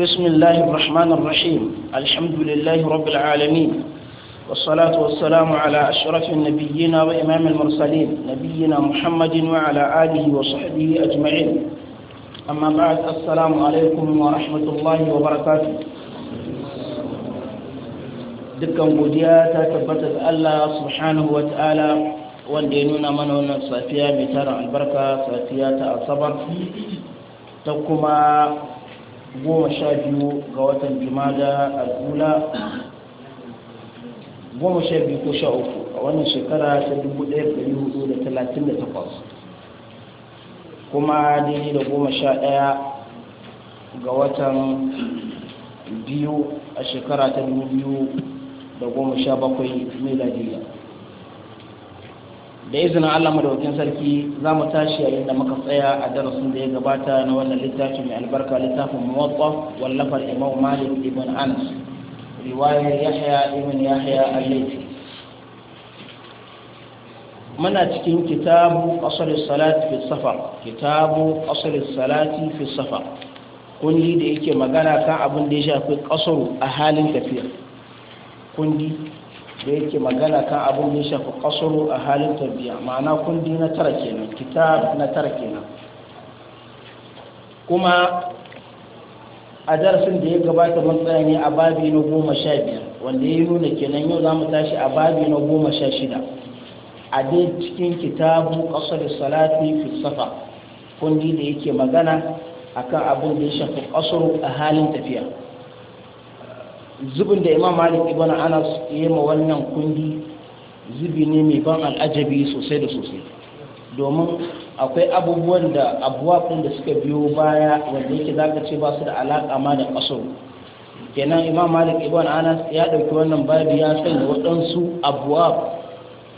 بسم الله الرحمن الرحيم الحمد لله رب العالمين والصلاة والسلام على أشرف النبيين وإمام المرسلين نبينا محمد وعلى آله وصحبه أجمعين أما بعد السلام عليكم ورحمة الله وبركاته دكم godiya تكبت الله سبحانه وتعالى والدينون wa ta'ala wanda البركة صفيا mana wannan goma sha biyu ga watan jumada al'ula goma sha biyu ko sha uku a wannan shekara ta dubu ɗaya da ɗari hudu da talatin da takwas kuma daidai da goma sha ɗaya ga watan biyu a shekara ta dubu biyu da goma sha bakwai miladiyya da izinin Allah madawakin sarki za mu tashi yayin da muka tsaya a darasin da ya gabata na wannan littafin mai albarka littafin muwatta wallafar imam malik ibn anas riwayar yahya ibn yahya al-laythi muna cikin kitabu asalin salati fi safar kitabu asalin salati fi safar kundi da yake magana kan abin da ya shafi kasaru a halin tafiya kundi da yake magana kan abin ya shafi kasuru a halin tarbiya ma'ana kundi na tara kenan kitab na tara kenan kuma a darasin da ya gabata mun ne a babi na goma sha biyar wanda ya nuna kenan yau za mu tashi a babi na goma sha shida a dai cikin kitabu kasar salati fi safa kundi da yake magana akan abin da ya shafi kasuru a halin tafiya zubin da imam malik ibn anas ya ma wannan kundi zubi ne mai ban al'ajabi sosai da sosai domin akwai abubuwan da abubuwan da suka biyo baya wanda yake zaka ce ba su da alaka ma da kaso kenan imam malik ibn anas ya dauki wannan babu ya sanya waɗansu abuwa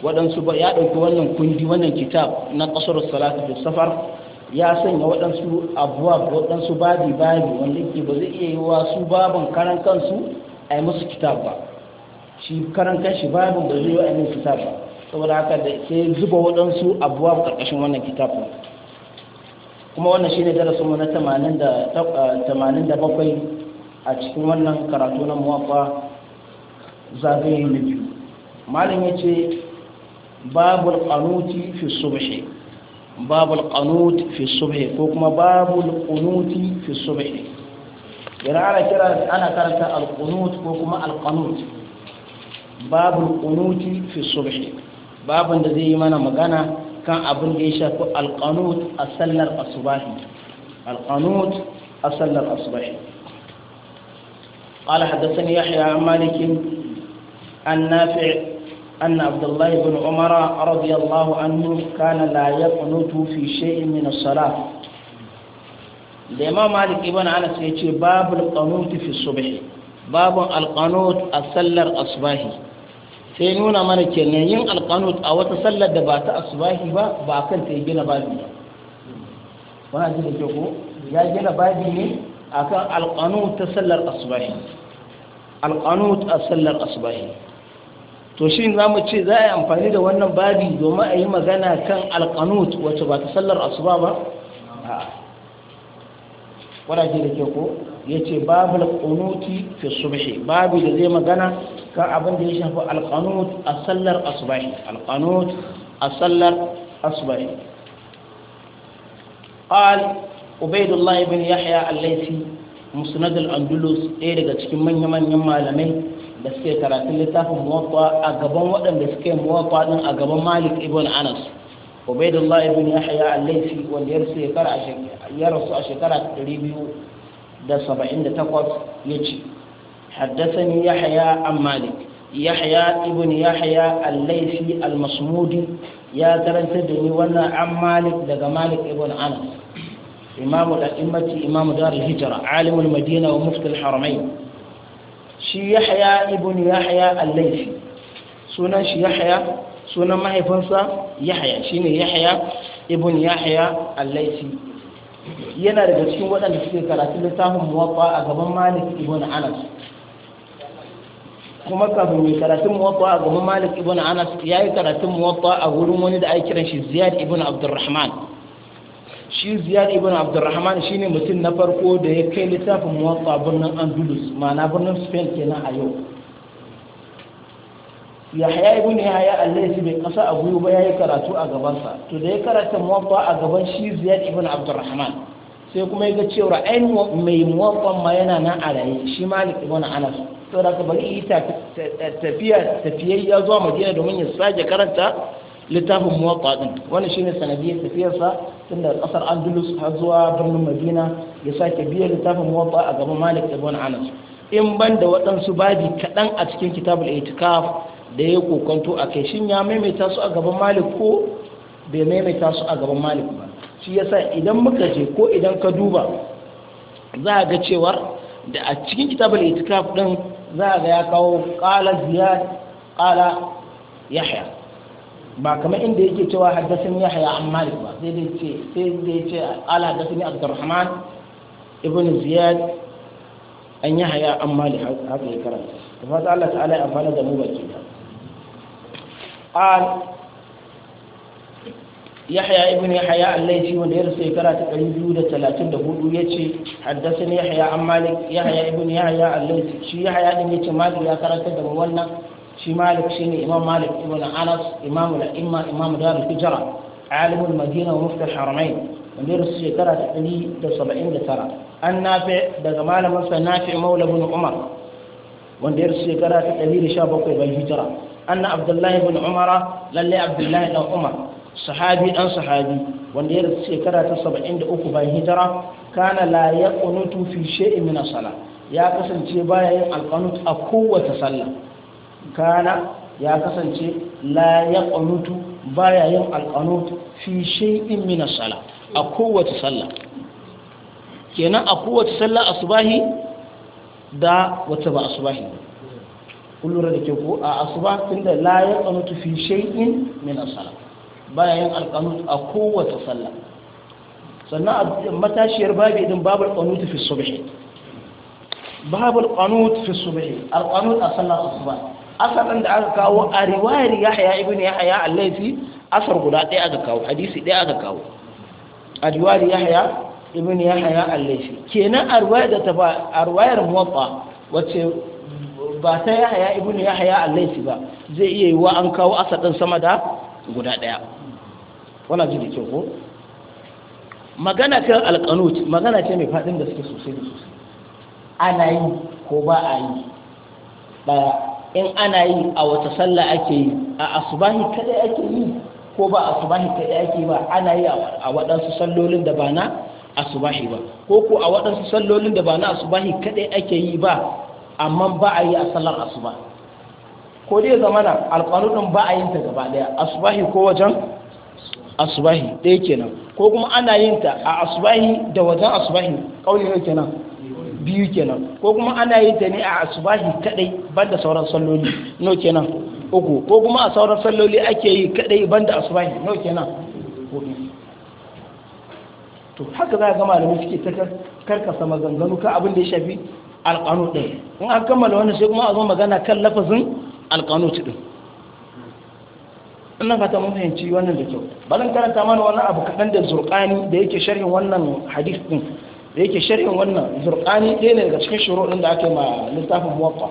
waɗansu ba ya dauki wannan kundi wannan kitab na kasar salatu fi safar ya sanya waɗansu abuwa waɗansu babi babi wanda yake ba zai iya yi wa su babin karan kansu a yi musu kitab ba shi karan kanshi babin ba zai a yi kitab ba saboda haka da sai zuba waɗansu abuwa ƙarƙashin wannan kitab kuma wannan shine darasin mu na da 87 a cikin wannan karatu na muwaffa zagaye na biyu malam ya ce babul qanuti fi subhi babul qanut fi subhi ko kuma babul qunuti fi subhi yana ana kira ana karanta al-qunut ko kuma al-qanut babu al-qunut fi subh babu da zai yi mana magana kan abin da ya shafi alqanut a sallar asubahi alqanut a sallar asubahi قال حدثني يحيى عن مالك عن نافع أن عبد الله بن عمر رضي الله عنه كان لا يقنط في شيء من الصلاة da imam malik ibn anas ya ce babul qanut fi subh babun alqanut a sallar asbahi sai nuna mana kenan yin alqanut a wata sallar da ba ta asbahi ba ba kan ta gina babi ba wannan ji da ko ya gina babi ne akan alqanut ta sallar asbahi alqanut a sallar asbahi to shi za mu ce za a yi amfani da wannan babi domin a yi magana kan alqanut wacce ba ta sallar asuba ba a'a wadaje da ke ko ya ce babu alƙunuti fi subhi babu da zai magana kan abin da ya shafi alƙanut a sallar asubahi alƙanut a sallar asubahi قال عبيد yahya al يحيى الليثي مسند الأندلس ɗaya daga cikin manya-manyan malamai da suke karatun littafin muwatta a gaban waɗanda suke muwatta ɗin a gaban malik ibn anas ubaidullah ibn yahya al-laifi wanda ya rasu ya rasu a shekara 278 yace haddathani yahya an malik yahya ibn yahya al-laifi al-masmudi ya karanta da ni wannan an malik daga malik ibn anas imamu da immati imamu darul hijra alimul madina wa mufti al-haramain shi yahya ibn yahya al-laifi sunan shi yahya sunan mahaifinsa yahaya ne yahaya ibn yahaya al yana daga cikin waɗanda suke karatun littafin muwaffa a gaban malik ibn anas kuma kafin mai karatun muwaffa a gaban malik ibn anas ya yi karatun muwaffa a wurin wani da ake kiran shi ziyad ibn abdurrahman shi ziyad ibn abdurrahman ne mutum na farko da ya kai littafin muwaffa birnin andulus ma'ana birnin spain kenan a yau ya yahya ibn ya allahi bai kasa a guyu ba yayi karatu a gabansa to da ya karanta muwafa a gaban shi ziyad ibn abdurrahman sai kuma ya ga cewa ainihin mai muwatta ma yana nan a raye shi malik ibn anas to da ka bari ita tafiya tafiyar ya zuwa madina domin ya sake karanta littafin muwatta din wannan shine sanadiyar tafiyarsa tun da kasar andalus har zuwa birnin madina ya sake biya littafin muwatta a gaban malik ibn anas in ban da waɗansu babi kaɗan a cikin kitabul itikaf da ya kokonto a kai shin ya maimaita su a gaban malik ko bai maimaita su a gaban malik ba shi yasa idan muka je ko idan ka duba za a ga cewar da a cikin kitabul itikaf din za a ga ya kawo qala ziyad qala yahya ba kamar inda yake cewa haddathani yahya an malik ba sai dai ce sai dai ce qala haddathani abdurrahman ibn ziyad an yahya an malik haka ya karanta da fata Allah ta'ala ya amfana da mu baki قال يحيى ابن يحيى الليثي wanda ya rasu shekara ta 234 yace haddathani yahya an malik yahya ibn yahya al-laythi shi yahya din yace ya karanta da wannan shi malik shine imam malik ibn anas imam al-imma imam dar al-hijra alim al-madina wa haramain wanda ya rasu shekara ta 179 an nafi daga malamin nafi umar wanda ya rasu ta anna abdullahi bin umara lalle abdullahi dan umar sahabi dan sahabi wanda ya rasu shekara ta 73 bayan hijira kana la yaqunutu fi shay'in min as-salah ya kasance baya yin alqanut a kowace sallah kana ya kasance la yaqunutu baya yin alqanut fi shay'in min as-salah a kowace sallah kenan a kowace sallah asubahi da wata ba asubahi ba kun da ke ko a asuba inda la ya qanutu fi shay'in min asala. sala bayan alqanut a kowace sallah sannan matashiyar babi idan babu qanut fi subh Babu qanut fi subh al-qanut a sallar asuba asalin da aka kawo a riwayar Yahya ibn Yahya al-Laythi asar guda ɗaya aka kawo hadisi ɗaya aka kawo a riwayar Yahya ibn Yahya al-Laythi kenan a riwayar da ta ba a riwayar Muwatta wacce ba ta yahaya ibnu yahaya al-laysi ba zai iya yi wa an kawo asad sama da guda daya wannan ji da ko magana kan alqanut magana ce mai fadin da suke sosai da sosai ana yi ko ba a yi ba in ana yi a wata sallah ake yi a asubahi kada ake yi ko ba asubahi kada ake yi ba ana yi a waɗansu sallolin da ba na asubahi ba ko ko a waɗansu sallolin da ba na asubahi kadai ake yi ba amma ba a yi a sallar asuba ko dai zamana alƙanuɗin ba a yin ta gaba ɗaya asubahi ko wajen asubahi ɗaya kenan ko kuma ana yin ta a asubahi da wajen asubahi ƙauli ne kenan biyu kenan ko kuma ana yin ta ne a asubahi kaɗai banda sauran salloli no kenan uku ko kuma a sauran salloli ake yi kaɗai banda asubahi no kenan to haka za a gama da suke ta karkasa maganganu ka abin da ya shafi alƙanut ɗin in an kammala wani sai kuma a zo magana kan lafazin alƙanut ɗin ina fata mun fahimci wannan da kyau ba zan karanta mana wani abu kaɗan da zurƙani da yake sharhin wannan hadith ɗin da yake sharhin wannan zurƙani ɗaya ne daga cikin shiro ɗin da aka yi ma littafin muwaffa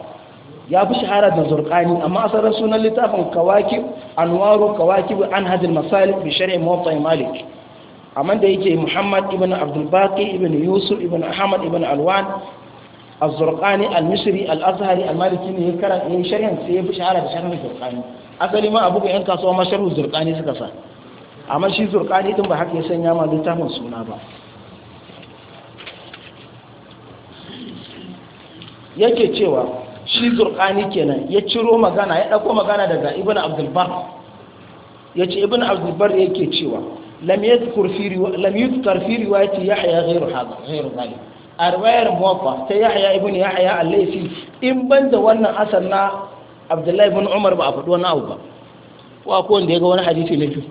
ya fi shahara da zurƙani amma asalin sunan littafin kawaki anwaru kawakib an hadil masalik bi sharhi muwaffa malik amma da yake muhammad ibn abdulbaki ibn yusuf ibn ahmad ibn alwan az-zurqani al-misri al-azhari al-maliki ne ya karanta ya sai ya fi shahara da shari'an zurqani asali ma abu ga yan kasuwa ma sharhu zurqani suka sa amma shi zurqani din ba haka ya sanya ma littafin suna ba yake cewa shi zurqani kenan ya ciro magana ya dauko magana daga ibnu abdul bar yace ibnu abdul bar yake cewa lam yadhkur fi lam yadhkar fi riwayati yahya ghayru hadha ghayru dhalik a riwayar muwaffa ta yahya ibn yahya al-laifi in banda wannan asar na abdullahi ibn umar ba a faɗi wani abu ba wa ko wanda ya ga wani hadisi na biyu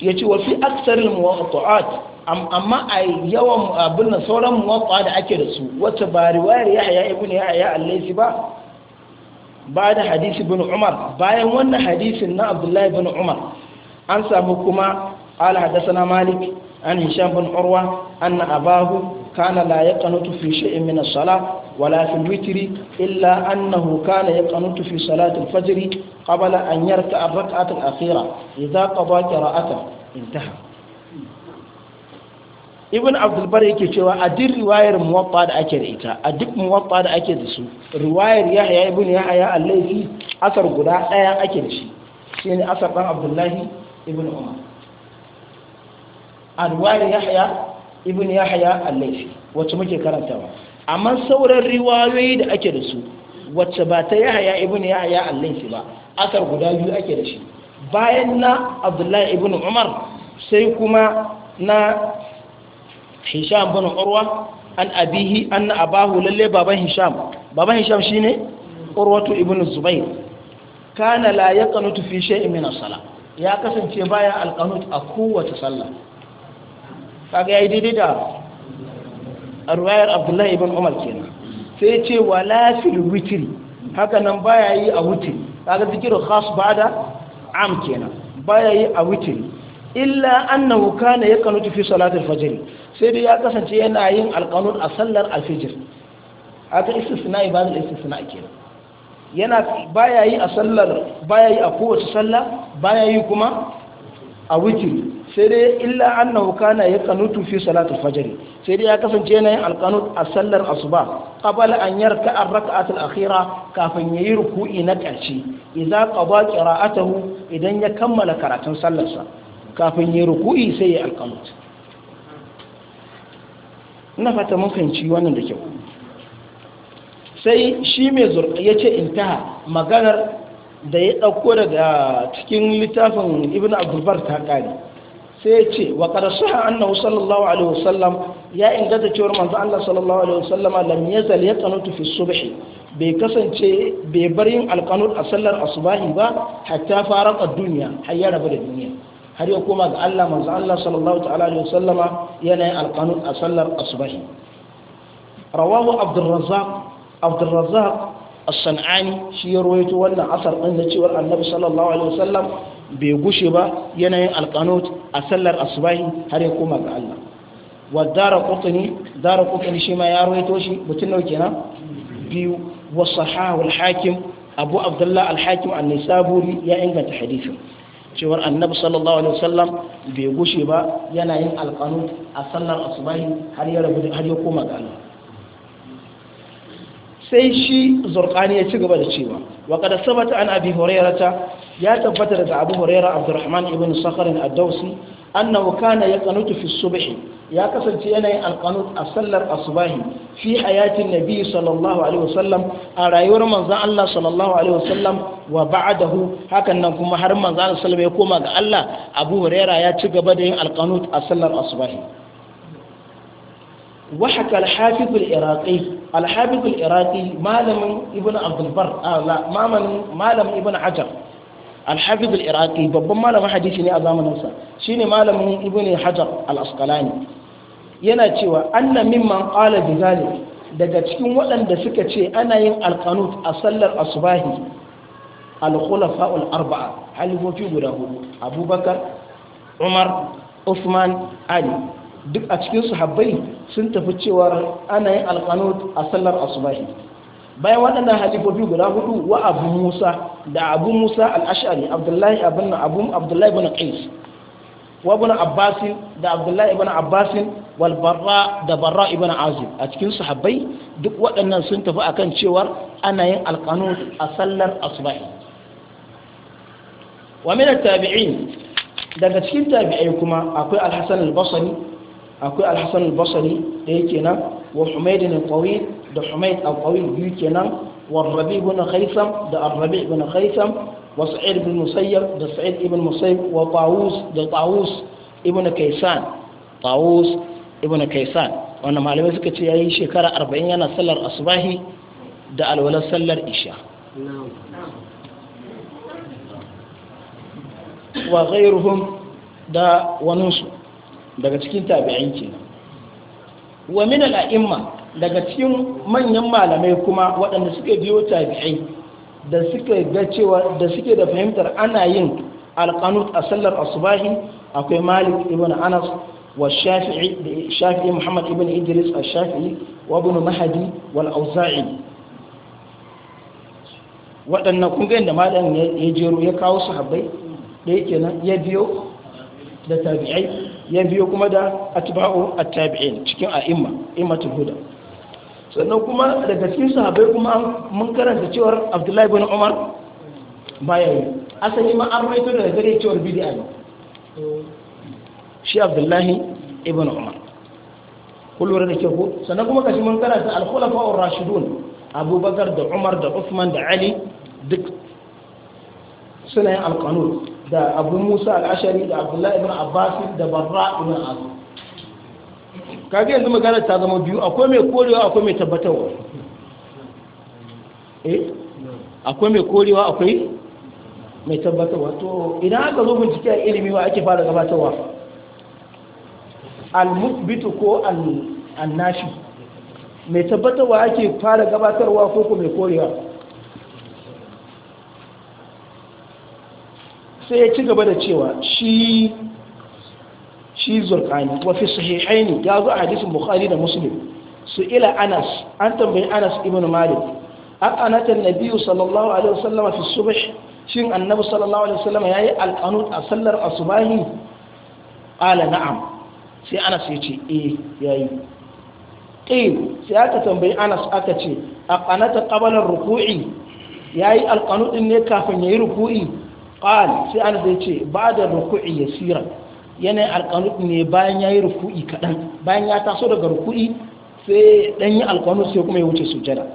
ya ce wafi aksar muwaffa'at amma a yawan abin nan sauran da ake da su wata ba riwayar yahya ibn yahya al-laifi ba ba da hadisi bin umar bayan wannan hadisin na abdullahi bin umar an samu kuma قال حدثنا مالك عن هشام بن عروة أن أباه كان لا يقنط في شيء من الصلاة ولا في الوتر إلا أنه كان يقنط في صلاة الفجر قبل أن يركع الركعة الأخيرة إذا قضى قراءته انتهى ibn abdulbar yake cewa a duk riwayar muwatta da ake da ita a duk muwatta da ake da su riwayar yahaya ibn yahaya a laifi asar guda daya ake da shi shine asar dan abdullahi ibn umar haya, yahya ibn yahya al-laifi wacce muke karantawa amma sauran riwayoyi da ake da su wacce ba ta yahya ibn yahya al-laifi ba asar guda biyu ake da shi bayan na abdullahi ibn umar sai kuma na hisham bin urwa an abihi anna abahu lalle baban hisham baban hisham shine urwatu ibn zubair kana la yaqnutu fi shay'in min as ya kasance baya alkanut a kowace sallah kaga yayi daidai da arwayar abdullahi ibn umar kenan sai ce wala fil witri haka nan baya yi a witri kaga zikirin khas ba'da am kenan baya yi a witri illa annahu kana yaqnutu fi salatil fajr sai dai ya kasance yana yin alqanun a sallar alfijir haka istisna ibadul istisna kenan yana baya yi a sallar baya yi a kowace sallah baya yi kuma a witri sai dai illa annahu kana yaqanutu fi salati al sai dai ya kasance yana yin alqanut a sallar asuba qabala an yarka ar-rak'at al-akhira kafin yayi ruku'i na karshe idza qada qira'atuhu idan ya kammala karatun sallarsa kafin yayi ruku'i sai ya alqanut ina fata mun fahimci wannan da kyau sai shi mai zurƙa ya ce intaha maganar da ya ɗauko daga cikin littafin ibn abdulbar ta kare sai ya ce wa ƙarsa annahu sallallahu alaihi wasallam ya inganta cewar manzo Allah sallallahu alaihi wasallam lam yazal yaqnutu fi subh bai kasance bai bar yin alqanut a sallar asubahi ba hatta faraka duniya har ya rabu da duniya har ya koma ga Allah manzo Allah sallallahu ta'ala alaihi wasallama yana yin alqanut a sallar asubahi rawahu abdurrazzaq abdurrazzaq as-sanani shi ya rawaito wannan asar din da cewar annabi sallallahu alaihi wasallam bai gushe ba yanayin alkanot a sallar asubahi har ya koma ga Allah wa dara qutni dara qutni shi ma ya rawaito shi mutun nau kenan biyu wa sahahu al-hakim abu abdullah al-hakim an-nisaburi ya inganta hadisin cewar annabi sallallahu alaihi wasallam bai gushe ba yanayin alkanot a sallar asubahi har ya rabu har ya koma ga Allah sai shi zurkani ya ci gaba da cewa wa qad sabata an abi hurairata ya tabbata daga abu hurairah abdurrahman ibn sakhr ad-dawsi annahu kana yaqanutu fi subh ya kasance yana yin alqanut a sallar asbahi fi hayatin nabi sallallahu alaihi wasallam a rayuwar manzon Allah sallallahu alaihi wasallam wa ba'dahu hakan nan kuma har manzon Allah ya koma ga Allah abu hurairah ya ci gaba da yin alqanut a sallar asbahi وحكى الحافظ العراقي الحافظ العراقي مالم ابن عبد البر آه لا مالم مالم ابن حجر الحافظ العراقي babban malamin hadisi ne a zamaninsa shine malamin ibn hajar al-asqalani yana cewa anna mimman qala bizalik daga cikin waɗanda suka ce ana yin alqanut a sallar asbahi al-khulafa'ul arba'a halifofi guda hudu abubakar umar usman ali duk a cikin sahabbai sun tafi cewar ana yin a sallar asubahi bayan waɗannan halifofi guda hudu wa abu musa da abu musa al-ash'ari abdullahi ibn abu abdullahi ibn qais wa ibn abbasin da abdullahi ibn abbasin wal barra da barra ibn azib a cikin sahabbai duk waɗannan sun tafi akan cewar ana yin a sallar asubahi wa min at-tabi'in daga cikin tabi'ai kuma akwai al-hasan al-basri akwai alhassan albasari da yake nan wa humaydin alqawil da humayd alqawil biyu kenan wa rabi ibn khaisam da arrabi ibn khaisam wa sa'id ibn musayyab da sa'id ibn musayyab wa tawus da tawus ibn kaysan tawus ibn kaysan wannan malamai suka ce yayi shekara arba'in yana sallar asbahi da alwalar sallar isha wa ghayruhum da waninsu daga cikin tabi'in kenan wa min al'imma daga cikin manyan malamai kuma waɗanda suke biyo tabi'ai da suke ga cewa da suke da fahimtar ana yin alqanut a sallar asubahi akwai malik ibn anas wa shafi'i da shafi'i muhammad ibn idris al-shafi'i wa ibn mahdi wal auza'i waɗannan kun ga malam ya jero ya kawo sahabbai da yake nan ya biyo da tabi'ai ya biyo kuma da atba'u at-tabi'in cikin a'imma immatul huda sannan kuma daga cikin sahabbai kuma mun karanta cewar Abdullahi ibn Umar bayan yi asali ma an rawaito daga gare cewar bid'a ne shi Abdullahi ibn Umar kullu da ke ko sannan kuma kashi mun karanta al-khulafa ar-rashidun Abubakar da Umar da Uthman da Ali duk suna yin alƙanun da abu musa al'ashari da abdullahi ibn abbas da barra ibn azu kage yanzu magana ta zama biyu akwai mai korewa akwai mai tabbatarwa eh akwai mai korewa akwai mai tabbatarwa to idan aka zo bincike a ilimi wa ake fara gabatarwa al-musbitu ko al-nashi mai tabbatarwa ake fara gabatarwa ko ko mai korewa sai ya ci gaba da cewa shi shi zurqani wa sahihaini ya zo a hadisin bukhari da muslim su ila anas an tambayi anas ibn malik an anata nabiyyu sallallahu alaihi wasallam fi subh shin annabi sallallahu alaihi wasallam yayi alqanut a sallar asubahi ala na'am sai anas ya ce eh yayi qil sai aka tambayi anas aka ce a qanata qabala ruku'i yayi alqanut ne kafin yayi ruku'i qal sai an zai ce ba da ruku'i yasiran yana alqanut ne bayan yayi ruku'i kadan bayan ya taso daga ruku'i sai dan yi alqanut sai kuma ya wuce sujada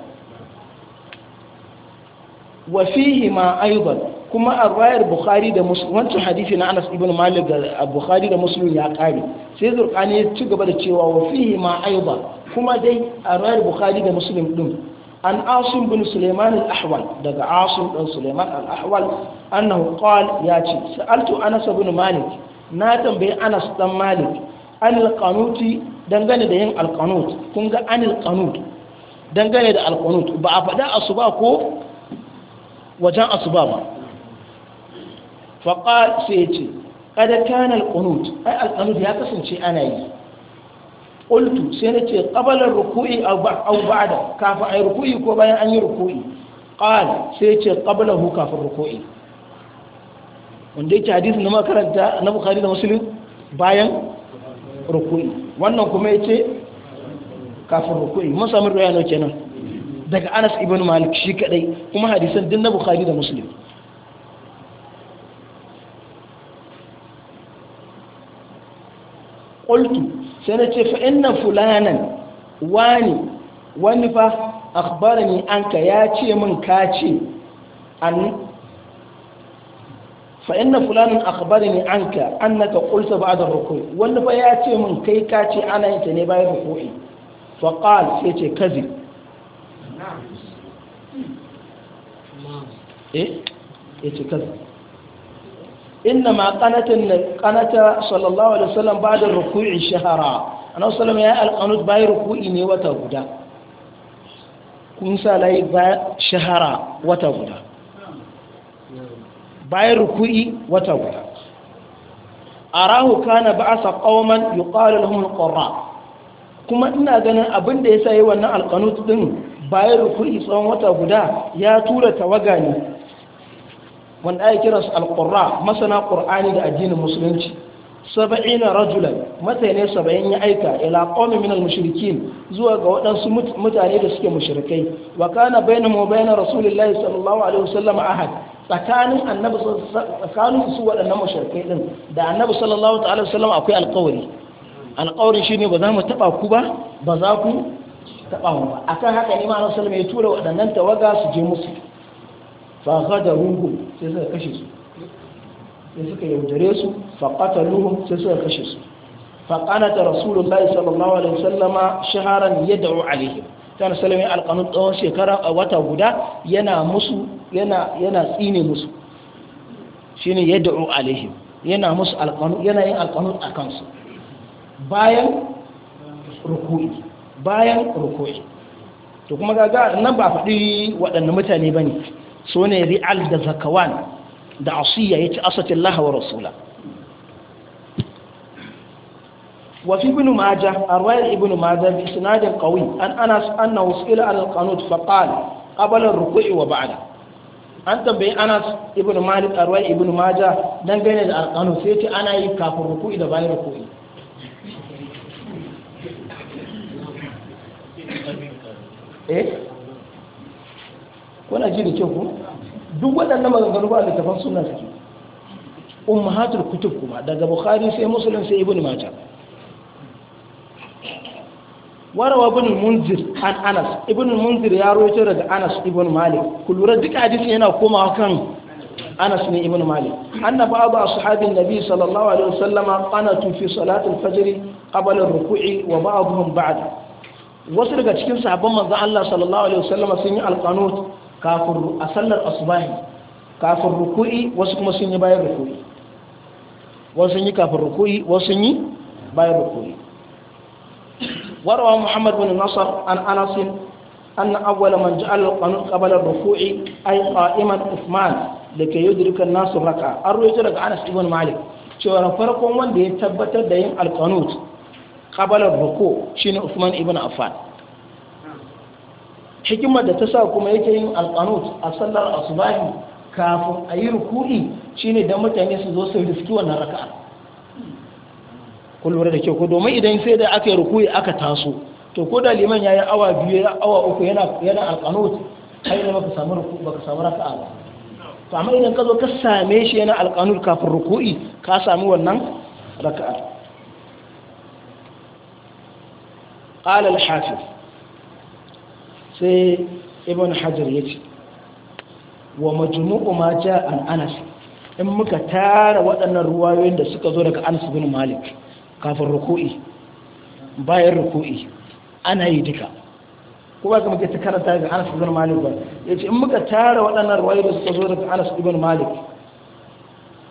wa fihi ma aidan kuma a bukhari da muslim wancan hadisi na anas ibn malik da bukhari da muslim ya kare sai zurqani ya ci gaba da cewa wa fihi ma aidan kuma dai a rayar bukhari da muslim din an asim bin suleiman al-ahwal daga asim bin suleiman al-ahwal annahu qal ya ce sa'altu anas bin malik na tambayi anas dan malik an al dangane da yin al-qanut kun ga dangane da al ba a faɗa asuba ko wajen asuba ba fa qal sai ya ce kada kana al-qanut ai al ya kasance ana yi qultu sai na ƙabalar qabala ruku'i aw ba'da kafin ay ruku'i ko bayan an yi ruku'i qal sai ce yace hu kafin ruku'i wanda yake hadisi na makaranta na bukhari da muslim bayan ruku'i wannan kuma ya ce kafin ruku'i mun samu riwaya kenan daga Anas ibn Malik shi kadai kuma hadisan din na Bukhari da Muslim qultu sai na ce fa fulanan wani wani fa akhbarani ya ce min ka ce an fa inna fulanan wani fa ya ce min kai ka ce ana ta ne bayan rukui fa sai ce kazi eh ya ce kazi إنما قنت kanata sallallahu alaihi عليه وسلم بعد الركوع شهرا أنا صلى الله عليه ya القنوت باي ركوعي ني وتا غدا kun sa layi ba shahara wata guda bayan ruku'i wata guda arahu kana ba'asa qauman yuqalu lahum alqurra kuma ina ganin abinda da yasa yi wannan alqanut din bayan ruku'i tsawon wata guda ya tura tawaga ne wanda ake kira su alqurra masana qur'ani da addinin musulunci saba'ina rajulan mutane saba'in ya aika ila qawmi minal mushrikin zuwa ga waɗansu mutane da suke mushrikai wa kana bainahu wa bain rasulillahi sallallahu alaihi wasallam ahad tsakanin annabi tsakanin su waɗannan mushrikai din da annabi sallallahu ta'ala wasallam akwai alƙawari alƙawarin shine ba za mu taba ku ba ba za ku taba mu ba akan haka ne ma annabi sallallahu alaihi wasallam ya tura waɗannan tawaga su je musu fa da ruhu sai suka kashe su sai suka yaudare su fa ruhu sai suka kashe su fa qanata rasulullahi sallallahu alaihi wasallama shaharan yadda yad'u alaihim kana sallama alqanun tsawon shekara a wata guda yana musu yana tsine musu shine yad'u alaihim yana musu alqanun yana yin alƙanun akan su bayan ruku'i bayan ruku'i to kuma kaga nan ba faɗi waɗanne mutane ba ne. su ne ri'al da zakawan da asiya ya ci asatin lahawa rasula وفي ابن ماجه أرواية ابن ماجه بإسناد قوي أن أنس أنه سئل عن القنوت فقال قبل الركوع وبعده أنت بين أنس ابن مالك أرواية ابن ماجه دنجين القنوت سيتي أنا يكاف الركوع إذا بني ركوع إيه kuna ji da kyau ku duk waɗannan maganganu ba littafan suna suke ummahatul kutub kuma daga bukhari sai muslim sai ibnu majah warawa ibn munzir an anas ibn munzir ya rawaito daga anas ibn malik ku lura duk hadisi yana komawa kan anas ne ibn malik anna ba'd ashabin nabi sallallahu alaihi wasallam qanatu fi salati al-fajr qabla ar-ruku'i wa ba'dhum ba'd wasu daga cikin sahabban manzon Allah sallallahu alaihi wasallam sun yi alqanut kafin a sallar asubahi kafin ruku'i wasu kuma sun yi ruku'i wasu yi kafin ruku'i wasu yi bayan ruku'i warawa muhammad bin nasar an anasin an na awwala man usman da ke yi nasu raka an ruwaito daga anas ibn malik cewa farkon wanda ya tabbatar da yin alƙanu kabalar ruku shine usman ibn affan hikimar da ta sa kuma yake yin alqanut a sallar asubahi kafin a yi ruku'i shine don mutane su zo su riski wannan raka'a kun da kyau ko domin idan sai da aka yi ruku'i aka taso to ko da liman yi awa biyu awa uku yana yana alqanut kai ne baka samu ba baka samu raka'a ba to amma idan ka zo ka same shi yana alqanut kafin ruku'i ka samu wannan raka'a قال الحافظ sai ibn hajar ya ce wa majmu'u ma ja'a an anas in muka tara waɗannan ruwayoyin da suka zo daga anas bin malik kafin ruku'i bayan ruku'i ana yi duka ko ba kuma ke ta karanta daga anas bin malik ba ya ce in muka tara waɗannan ruwayoyi da suka zo daga anas bin malik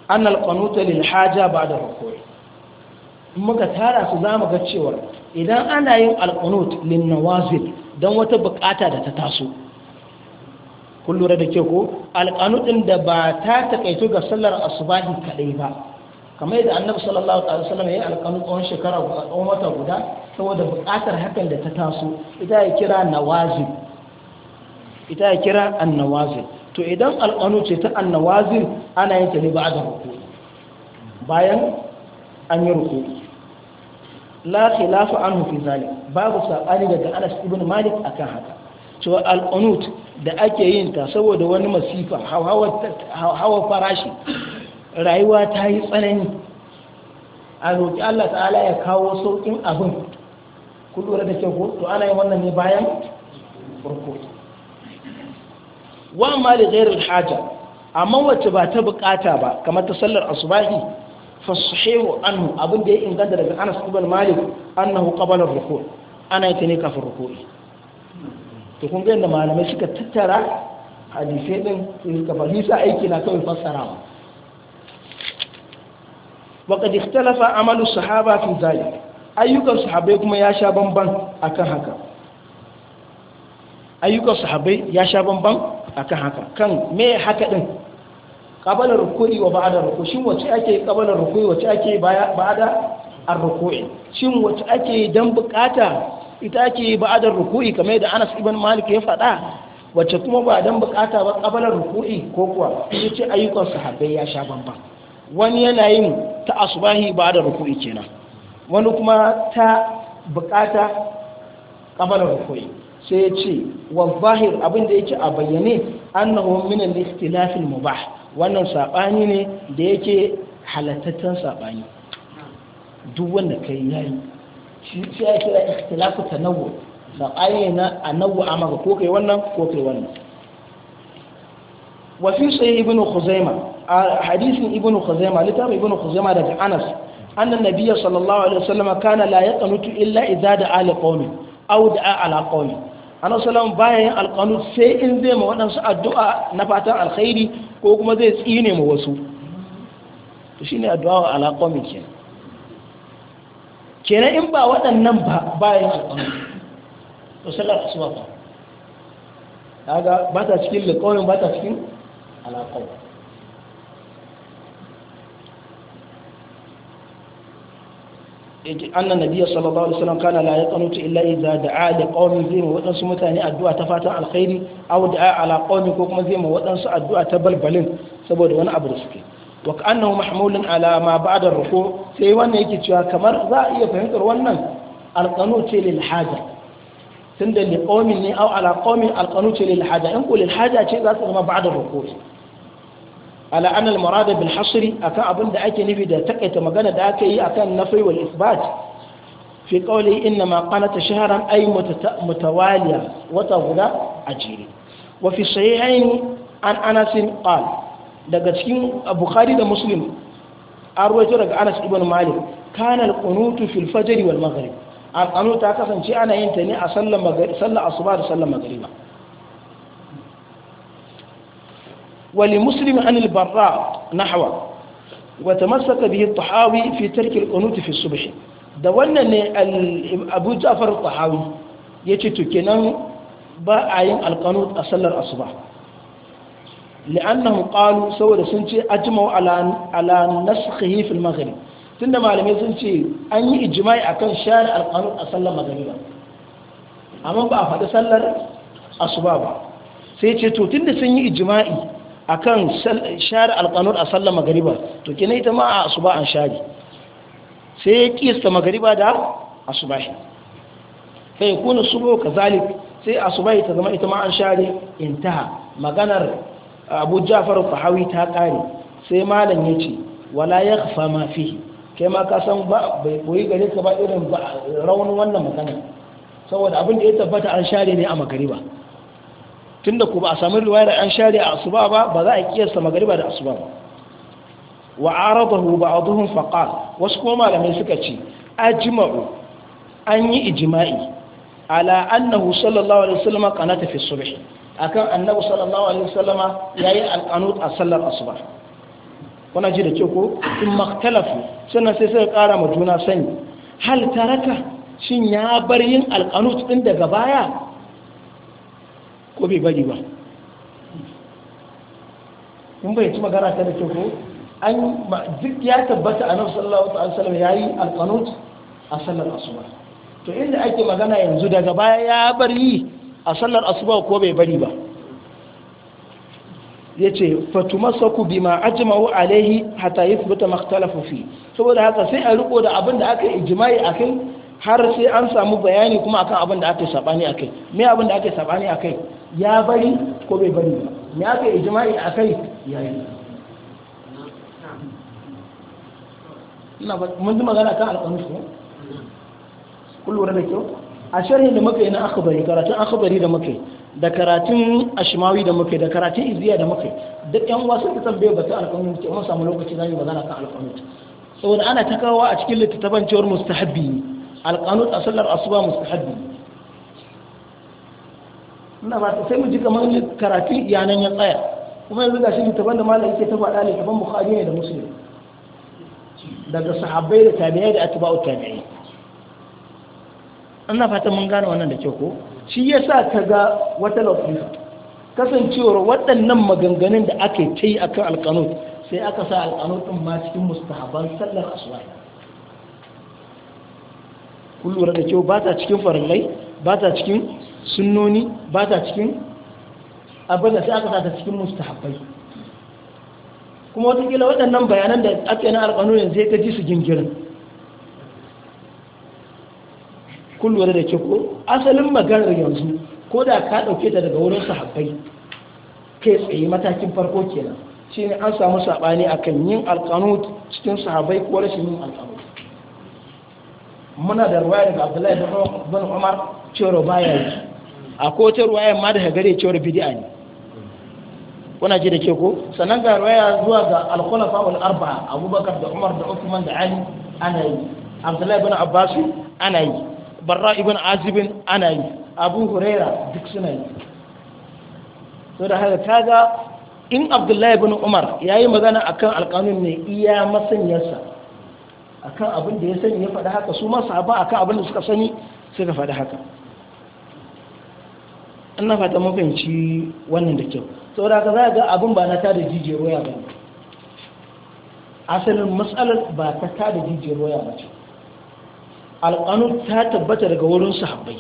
an alƙanuta lil haja ba da ruku'i in muka tara su za mu ga cewa idan ana yin alƙanut lil nawazil don wata bukata da ta taso kun lura da ke ko ɗin da ba ta taƙaito ga sallar asubahi kaɗai ba kamar yadda annabi sallallahu alaihi wasallam ya yi alƙanu tsawon shekara tsawon wata guda saboda buƙatar hakan da ta taso ita ya kira nawazin ita ya kira annawazin to idan alƙanu ce ta annawazin ana yin ta ne da ruku bayan an yi rukuni la khilafu anhu fi zalik babu sabani daga Anas ibn Malik akan haka cewa al-qunut da ake yin ta saboda wani masifa hawa farashi rayuwa ta yi tsanani a roƙi Allah ta'ala ya kawo sauƙin abin ku lura da kyau to ana yin wannan ne bayan farko wa mali li haja amma wacce ba ta bukata ba kamar ta sallar asubahi fasuhihu anhu abinda da ya inganta daga anas ibn malik annahu qabala ruku ana yi ne kafin ruku'i to kun ga malamai suka tattara hadisai ɗin suka fahimta aiki na kawai fassarawa وقد اختلف عمل الصحابة في ذلك ayyukan sahabai kuma ya sha bamban akan haka ayyukan sahabbai ya sha bamban akan haka kan me haka ɗin? qabala ruku'i wa ba'da ruku'i shin wace ake qabala ruku'i wace ake ba'da ar-ruku'i shin wace ake dan bukata ita ake ba'da ruku'i kamar da Anas ibn Malik ya faɗa wace kuma ba dan bukata ba qabala ruku'i ko kuwa yace ayyukan sahabbai ya sha bamban wani yana yin ta asbahi ba'da ruku'i kenan wani kuma ta bukata qabala ruku'i sai ya ce wa zahir abin da yake a bayyane annahu min al-ikhtilaf al-mubah wannan saɓani ne da yake halattattun saɓani duk wanda ka yi yayi shi ce ya kira ikhtilafu tanawwu saɓani ne na anawwu amaka ko kai wannan ko kai wannan wa fi sahih ibn khuzaima hadisin ibn khuzaima littafin ibn khuzaima daga anas anna Nabiya sallallahu alaihi wasallam kana la yaqnutu illa idza da'a li qaumin aw da'a ala qaumin anasalam bayan yin sai in zai ma waɗansu addu'a na fatan alkhairi ko kuma zai tsine ma wasu to shine addu'a wa alaƙomi kenan kenan in ba waɗannan ba bayan alkanut to sallar asuba ba ta ga ba ta cikin liƙomin ba ta cikin alaƙomi annan nabiya sallallahu alaihi wasallam kana la yaqnutu illa idza da'a li qaumin zai ma wadansu mutane addu'a ta fatan alkhairi aw da'a ala qaumi ko kuma zai ma wadansu addu'a ta balbalin saboda wani abu da suke wa annahu mahmulun ala sai wannan yake cewa kamar za iya fahimtar wannan alqanu ce lil haja tunda li ne aw ala qaumin alqanu ce in ko lil ce za su zama ba'da ruku ala anal murada bil hasri akan abin da ake nufi da takaita magana da aka yi akan nafai wal isbat fi qawli inna ma qanata shahran ay mutawaliya wata guda a jere wa fi an anas qal daga cikin bukhari da muslim arwaito daga anas ibn malik kana al qunutu fil fajr wal maghrib al ta kasance ana yin ta ne a sallar asuba da sallar magriba ولمسلم عن البراء نحوه وتمسك به الطحاوي في ترك القنوت في الصبح da wannan ne abu jafar tahawi ya ce to kenan ba a yin alkanut a sallar asuba li'annahum qalu saboda sun ce tunda malamai sun ce an yi ijma'i akan share alkanut a sallar maghrib amma ba a faɗi sallar asuba ba sai ce to tunda sun yi ijima'i akan share alƙanur a sallar magariba to kina ita ma a asuba an share sai ya kiyasta magariba da asubahi kuna subo ka kazalik sai asuba ta zama ita ma an share intaha maganar abu ja'far fahawi ta kare sai malam ya ce, wala ya ma fi, kai ma ka san ba bai boyi gare ka ba irin raunin wannan magana saboda abin da ya tabbata an share ne a magariba tunda ku ba a samu riwayar an share a asuba ba ba za a kiyarsa magariba da asuba ba wa aradahu ba'dhum faqal wasu kuma malamai suka ce ajma'u an yi ijma'i ala annahu sallallahu alaihi wasallam qanata fi subh akan annabi sallallahu alaihi wasallam yayi alqanut a sallar asuba kuna ji da ke ko in maktalafu sannan sai suka ƙara ma juna sani hal taraka shin ya bar yin alqanut din daga baya ko bai bari ba kun bai ci magana ta da ko an duk ya tabbata a nafsar Allah ta sallam ya yi alkanut a sallar asuba to inda ake magana yanzu daga baya ya bari a sallar asuba ko bai bari ba ya ce ku bi ma ajma'u alaihi hatta yathbuta makhtalafu fi saboda haka sai a riko da abin da aka ijma'i akai har sai an samu bayani kuma akan abin da aka sabani akai me abin da aka sabani akai ya bari ko bai bari me aka yi jima'i a kai ya yi mun ji gana kan alƙamus ne kun da kyau a sharhin da muka yi na akhbari karatun akhbari da muka da karatun ashimawi da muka da karatun iziya da muka duk yan wasu da tambaye ba ta alƙamus ce mun samu lokaci zan yi magana kan alƙamus saboda ana ta kawo a cikin littattafan cewar mustahabbi alƙanut a sallar asuba mustahabbi ina ba sai mu ji kamar karatun iyanan ya tsaya kuma yanzu gashi littafan da malam yake ta faɗa littafan bukhari ne da muslim daga sahabbai da tabi'ai da atba'u tabi'ai ina fatan mun gane wannan da kyau ko shi yasa ta ga wata lafiya kasancewar waɗannan maganganun da ake ta yi akan alqanut sai aka sa alqanut din ma cikin mustahaban sallar asuba kun lura da kyau ba ta cikin farillai ba ta cikin sunnoni ba ta cikin abinda sai aka sata cikin mustahabbai kuma watakila waɗannan bayanan da ake na alƙanunin zai ta ji su gingirin kullum da ke ko asalin maganar yanzu ko da ka ɗauke ta daga wurin sahabbai kai tsaye matakin farko kenan ne an samu saɓani a kan yin alƙanu cikin sahabbai ko rashin yin alƙanu muna da ruwaya daga abdullahi bin umar cewar baya yi a kowace ruwaya ma daga gare cewar bidiya ne kuna ji da ke ko sannan ga ruwaya zuwa ga alkuna wal arba abubakar da umar da usman da ali ana yi abdullahi bin abbasu ana yi barra ibn Azibin ana yi abu huraira duk suna yi to da haka kaga in abdullahi bin umar yayi magana akan alkanun ne iya masanyarsa akan abin da ya sani ya faɗi haka su ma sahaba akan abin da suka sani suka faɗi haka na fata mafanci wannan da kyau Sau da ka za ga abin ba na tada jijiyar waya ba asalin matsalar ba ta tada jijiyar waya ba ce alƙanu ta tabbata daga wurin sahabbai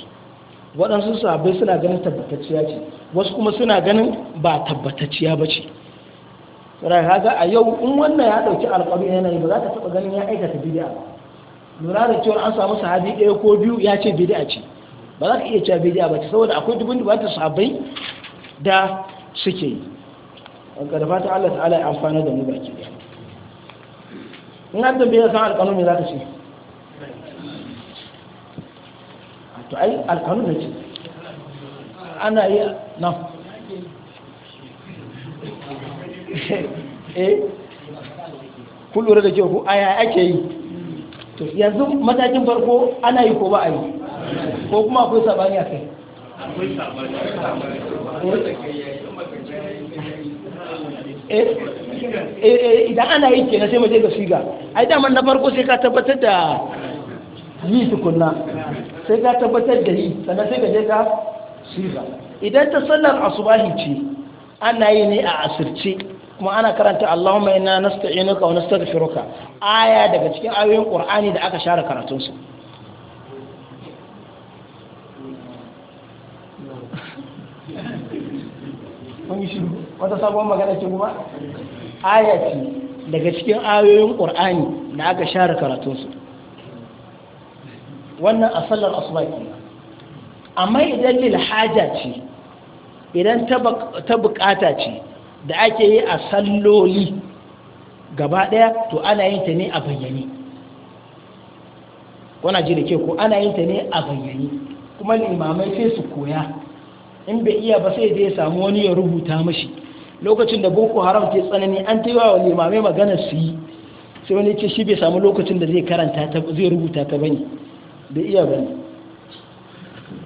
waɗansu sahabbai suna ganin tabbatacciya ce wasu kuma suna ganin ba tabbatacciya ba ce sura kaga a yau in wannan ya dauki alƙawari yana yi ba za ka taɓa ganin ya aikata bid'a ba lura da cewa an samu sahabi ɗaya ko biyu ya ce bid'a ce ba za ka iya cewa bid'a ba ce saboda akwai dubin ta sahabbai da suke yi daga da fata Allah ta'ala ya amfana da mu baki ɗaya in an tambaye san alƙalun me za ka ce to ai alƙalun ne ce ana iya na eh da ke ko aya ake yi to yanzu matakin farko ana yi ko ba a yi ko kuma akwai sabani a kai eh? Eh, eh, idan ana yi na sai maje ga shiga yi daman na farko sai ka tabbatar da yi tukunna sai ka tabbatar da yi sannan sai ka je ka shiga idan ta sallar asubahi ce ana yi ne a asirce kuma ana karanta Allahumma inna nasta'inuka wa nastaghfiruka aya daga cikin ayoyin Qur'ani da aka share karatun su wata sabon magana ce kuma aya ce daga cikin ayoyin Qur'ani da aka share karatun su wannan a asbaki amma idan lil haja ce idan ta bukata ce da ake yi a salloli gaba ɗaya to ana yin ta ne a bayyane wana ji da ke ko ana yin ta ne a bayyane kuma limamai sai su koya in bai iya ba sai zai samu wani ya rubuta mashi lokacin da boko haram ke tsanani an ta yi wa limamai magana su yi sai wani ce shi bai samu lokacin da zai karanta ta zai rubuta ta bane bai iya bane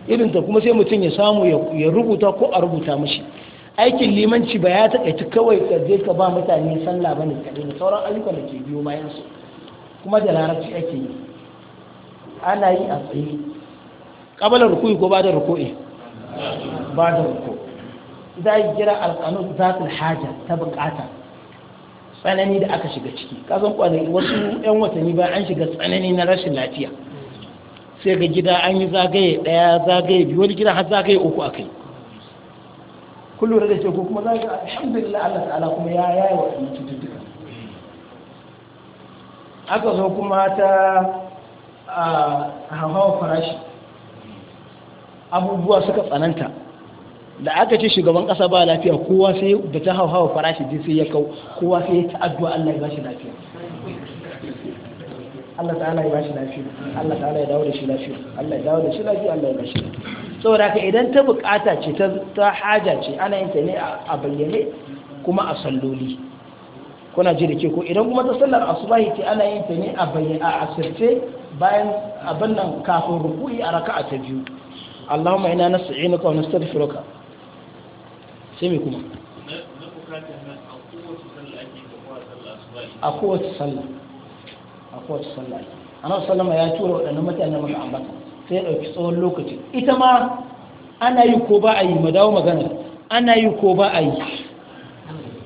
irin ta kuma sai mutum ya samu ya rubuta ko a rubuta mashi aikin limanci ba ya taƙaici kawai ka je ka ba mutane sallah bane kaɗai da sauran ayyukan da ke biyo bayan su kuma da larabci ake yi ana yi a tsaye ƙabalar rukui ko ba da rukui ba da rukui za a alƙanu za su haja ta bukata tsanani da aka shiga ciki kasan kwanan wasu 'yan watanni ba an shiga tsanani na rashin lafiya sai ga gida an yi zagaye ɗaya zagaye biyu wani gida har zagaye uku a kai Kullum da ce ko kuma za ga alhamdulillah Allah ta'ala kuma ya yi wa cututtuka aka zo kuma ta hawa farashi abubuwa suka tsananta da aka ce shugaban kasa ba lafiya kowa sai da ta hawa farashi ji sai ya kau kowa sai ta addu'a Allah ya bashi lafiya Allah ta'ala ya bashi lafiya Allah ta'ala ya dawo da shi lafiya Allah ya dawo da shi lafiya Allah ya bashi lafiya saboda ka idan ta bukata ce ta haja ce ana yin ta ne a bayyane kuma a salloli kuna ji da ke ko idan kuma ta sallar asubahi ce ana yin ta ne a bayyane a asirce bayan abin nan kafin ruku'i a raka a ta biyu Allahumma ina na kawai na sai mai kuma a kowace sallah a kowace sallah annabi sallama ya tura waɗannan mutane muka ambata sai ɗauki tsawon lokaci ita ma ana yi ko ba a yi ma dawo magana ana yi ko ba a yi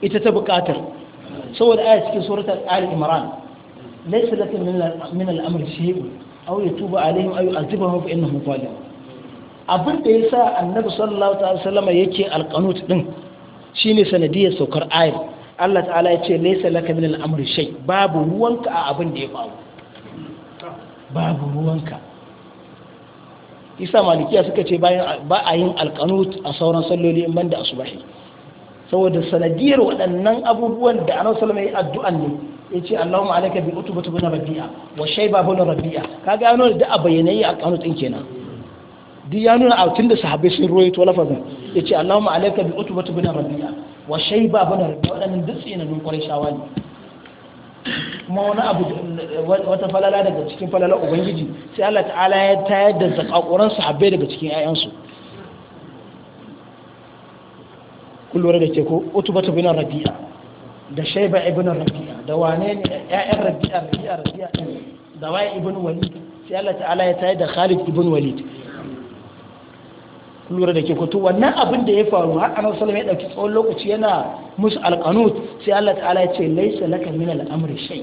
ita ta buƙatar saboda aya cikin suratul al imran laysa lakum min al-amr shay'un aw yatubu alaihim aw yu'adhibuhum fa innahum zalimun abin da yasa annabi sallallahu alaihi wasallam yake alqanut din shine sanadiyar saukar ayar Allah ta'ala ya ce laysa laka min al amr shay babu ruwanka a abin da ya babu ruwanka isa malikiya suka ce bayan ba a yin alkanut a sauran salloli in banda asubahi saboda sanadiyar waɗannan abubuwan da annabi sallallahu alaihi addu'an ne ya ce Allahumma alayka bi utubat bin rabi'a wa shayba bin rabi'a kaga ya nuna da a bayyane yi alkanut din kenan duk ya nuna a tunda sahabbai sun to lafazin ce Allahumma alayka bi utubat bin rabi'a wa shayba bin rabi'a waɗannan dutse na dun kwarai shawani kuma wani abu wata falala daga cikin falala ubangiji sai Allah ta'ala ya tayar da zakakuran sahabbai daga cikin ƴaƴansu kullum da ke ko utuba bin rabi'a da shaiba ibn rabi'a da wane ne ƴaƴan rabi'a rabi'a rabi'a da wai ibn walid sai Allah ta'ala ya tayar da khalid ibn walid lura da ke kuto wannan abin da ya faru har annabi sallallahu ya dauki tsawon lokaci yana musu alqanut sai Allah ta'ala ya ce laysa laka min al'amri shay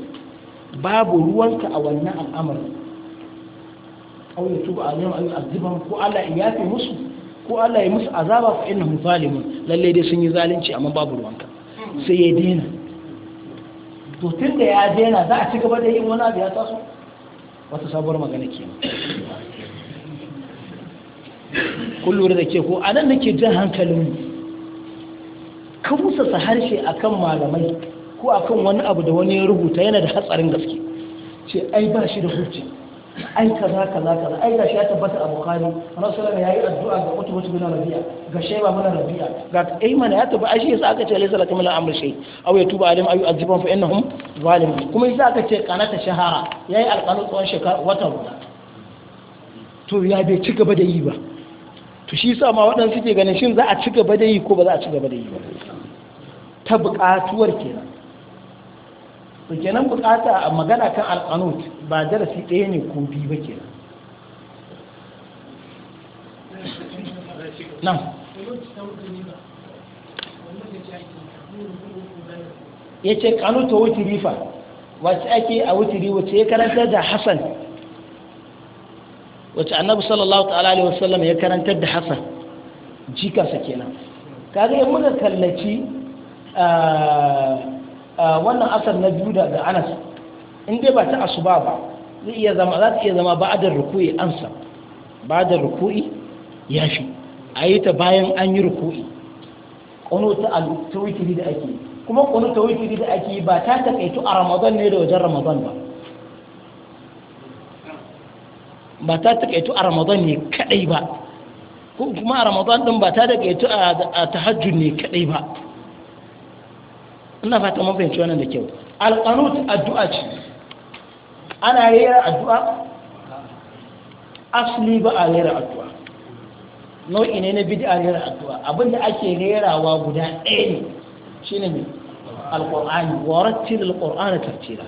babu ruwanka a wannan al'amari aw yatubu alayhim aw azibam ko Allah ya yafi musu ko Allah ya musu azaba fa innahum zalimun lalle dai sun yi zalunci amma babu ruwanka sai ya daina to tun ya daina za a ci gaba da yin wani abu ya taso wata sabuwar magana kenan kullum da ke ko a nan nake jan hankalin ka musasa harshe akan malamai ko akan wani abu da wani ya rubuta yana da hatsarin gaske ce ai ba shi da hujji ai za ka za ai shi ya tabbata a bukhari annabi ya yi addu'a ga kutu mutum na rabi'a ga ba mana rabi'a ga ai mana ya tabbata ai shi yasa aka ce laysa lakum la amr shay aw tuba alim ayu azibun fa innahum zalimun kuma yasa aka ce qanata shahara yayi alqanu tsawon shekara wata guda to ya bai ci gaba da yi ba to shi sa ma waɗansu suke ganin shin za a ci gaba da yi ko ba za a ci gaba da yi ba ta buƙatuwar kenan to kenan buƙata a magana kan al'anut ba darasi ɗaya ne ko biyu ba kenan nan ya ce ƙanut ta wuce rifa wace ake a wuce rifa ce ya karanta da hassan wacce annabi sallallahu ta'ala alaihi wasallam ya karantar da hasan jikarsa kenan kaga in muka kallaci wannan asar na juda da anas in dai ba ta asuba ba zai iya zama za ta iya zama da ruku'i ansa da ruku'i ya fi a yi ta bayan an yi ruku'i ƙwano ta wikiri da ake kuma ƙwano ta wikiri da ake ba ta takaitu a ramadan ne da wajen ramadan ba ba ta taƙaitu a ramadan ne kaɗai ba kuma a ramadan ɗin ba ta taƙaitu a tahajjud ne kaɗai ba ina fata mun fahimci wannan da kyau alƙanut addu'a ce ana rera addu'a asali ba a rera addu'a nau'i ne na bid'a rera addu'a abinda ake rerawa guda ɗaya ne shine ne alƙur'ani warattil alƙur'ani tartila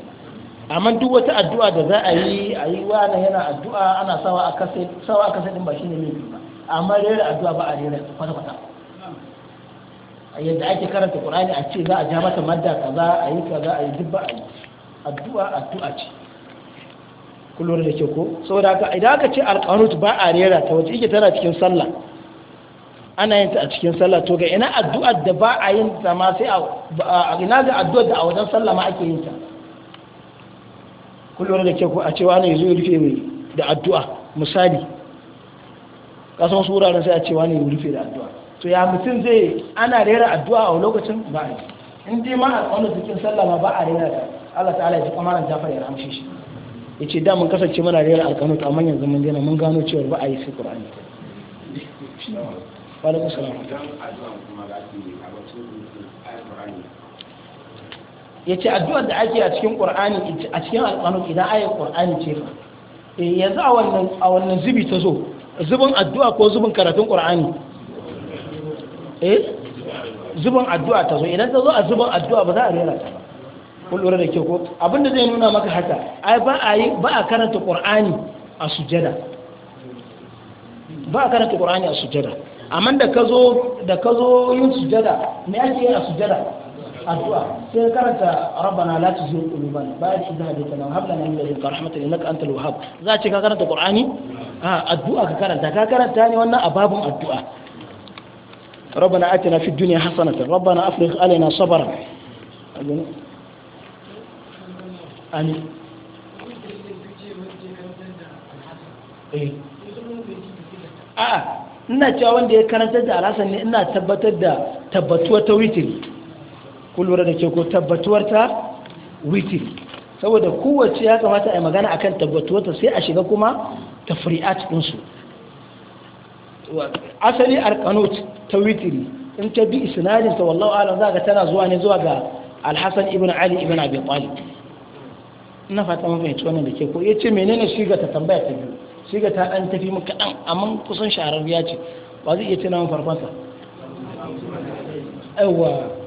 amma duk wata addu'a da za a yi a yi wa yana addu'a ana sawa a kase sawa a kase din ba shine mai ba amma rera addu'a ba a rera kwata kwata yadda ake karanta qur'ani a ce za a ja mata madda kaza a yi kaza a yi duk ba a yi addu'a addu'a ce kullum da ke ko saboda haka idan aka ce alqanut ba a rera ta wace yake tana cikin sallah ana yin ta a cikin sallah to ga ina addu'ar da ba a yin ta ma sai a ina ga addu'ar da a wajen sallah ma ake yin ta kullum da ke kuwa a cewa ne zuwa rufe mai da addu'a misali kasan su wuraren sai a cewa ne ya rufe da addu'a to ya mutum zai ana rera addu'a a lokacin ba a yi in dai ma a wani cikin sallama ba a rera da Allah ta'ala ya ji kamaran jafar ya ramshe shi ya ce da mun kasance muna rera alkanut amma yanzu mun dena mun gano cewar ba a yi sai qur'ani wa alaikum ya ce addu'ar da ake a cikin ƙur'ani a cikin alƙanu idan aya ƙur'ani ce fa eh, yanzu a wannan zubi ta zo zubin addu'a ko zubin karatun ƙur'ani eh zubin addu'a ta zo idan ta zo a zubin addu'a ba za a rera ta ba da ke ko abinda zai nuna maka haka ai ba a yi ba a karanta ƙor'ani a sujada ba a karanta ƙur'ani a sujada amma da ka zo yin sujada me ake yi a sujada addu'a sai karanta rabbana la tuzigh qulubana bayan shi da ta nan habla min ladunka rahmatan innaka antal wahhab za ce ka karanta qur'ani a addu'a ka karanta ka karanta ne wannan ababun addu'a ربنا آتنا في الدنيا حسنة ربنا أفرغ علينا صبرا آمين a'a ina cewa wanda ya karanta da alhassan ne ina tabbatar da tabbatuwa ta witiri kullura da ke ko ta witi saboda kowace ya kamata a yi magana akan ta sai a shiga kuma fri'at ɗinsu asali arkanot ta witiri in ta bi isnadin ta wallahu alam za ga tana zuwa ne zuwa ga alhassan ibn ali ibn abi talib ina fata mun fahimci wannan da ke ko yace menene shiga ta tambaya ta biyu shiga ta ɗan tafi mu kadan amma kusan shahararriya ce ba zai iya tunawa farfansa aiwa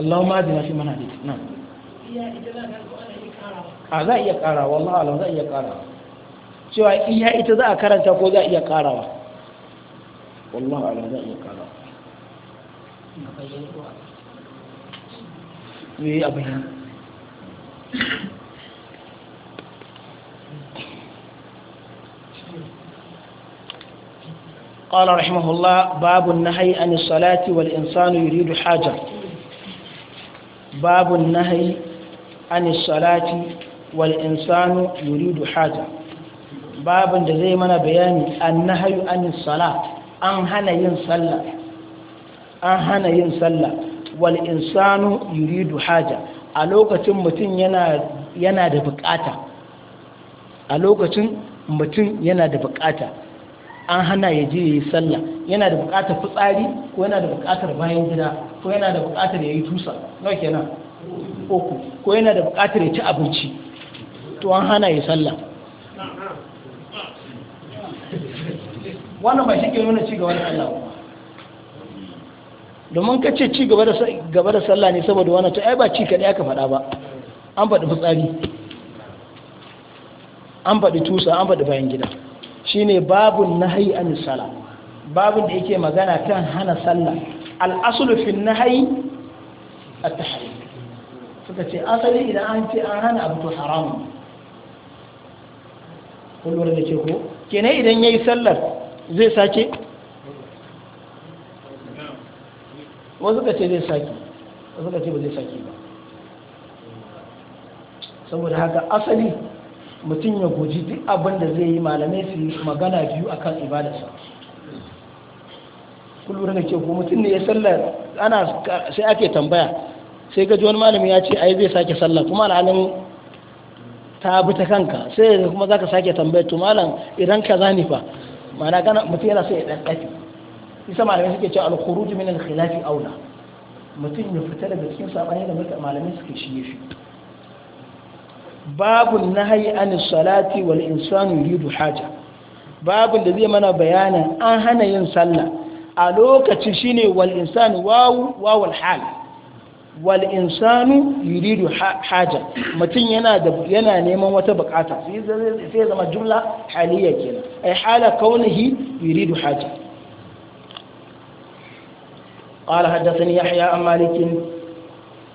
اللهم اهدنا في من هديت نعم هذا هي قرا والله اعلم هذا هي قرا سواء هي ايت ذا كرنتا كو ذا هي قرا والله اعلم ذا هي قرا وي ابي قال رحمه الله باب النهي عن الصلاة والإنسان يريد حاجة باب النهي عن wal insanu يريد haja babu da zai mana bayani annahayu anis sala an hana yin sallah an hana yin sallah wal insanu yuridu haja a lokacin mutum yana da bukata a lokacin yana da bukata an hana ya je ya yi sallah yana da buƙatar fitsari ko yana da buƙatar bayan gida ko yana da buƙatar ya yi tusa nawa kenan uku ko yana da buƙatar ya ci abinci to an hana ya sallah wannan ba shi ke nuna ci gaba da sallah ba domin ka ce ci gaba da sallah ne saboda wani ta, ai ba ci kaɗai aka faɗa ba an faɗi fitsari an faɗi tusa an faɗi bayan gida shine babun nahyi an sala babun da yake magana kan hana sallah al aslu fi nahyi at tahrim suka ce asali idan an ce an hana abu to haram kullum da ce ko kenan idan yayi sallar zai sake wasu ka ce zai sake wasu ka ce ba zai sake ba saboda haka asali mutum ya guji duk abin da zai yi malamai su yi magana biyu akan ibadarsa kullum da ke ku mutum ne ya sallar ana sai ake tambaya sai gaji wani malami ya ce ai zai sake sallar kuma alhalin ta bi ta kanka sai kuma zaka sake tambaya to malam idan ka zani fa mana kana mutum yana sai ya daddafi isa malamai suke cewa al-khuruj khilafi aula mutum ya fita daga cikin sabani da malamai suke shi shi babun hayi an salati wal insanu yuridu haja babun da zai mana bayanin an hana yin sallah a lokaci shine wal insanu wawu wawul hal wal insanu yuridu haja mutum yana da yana neman wata bukata sai zama jumla haliya kenan ai hala kaunihi yuridu haja قال حدثني يحيى عن مالك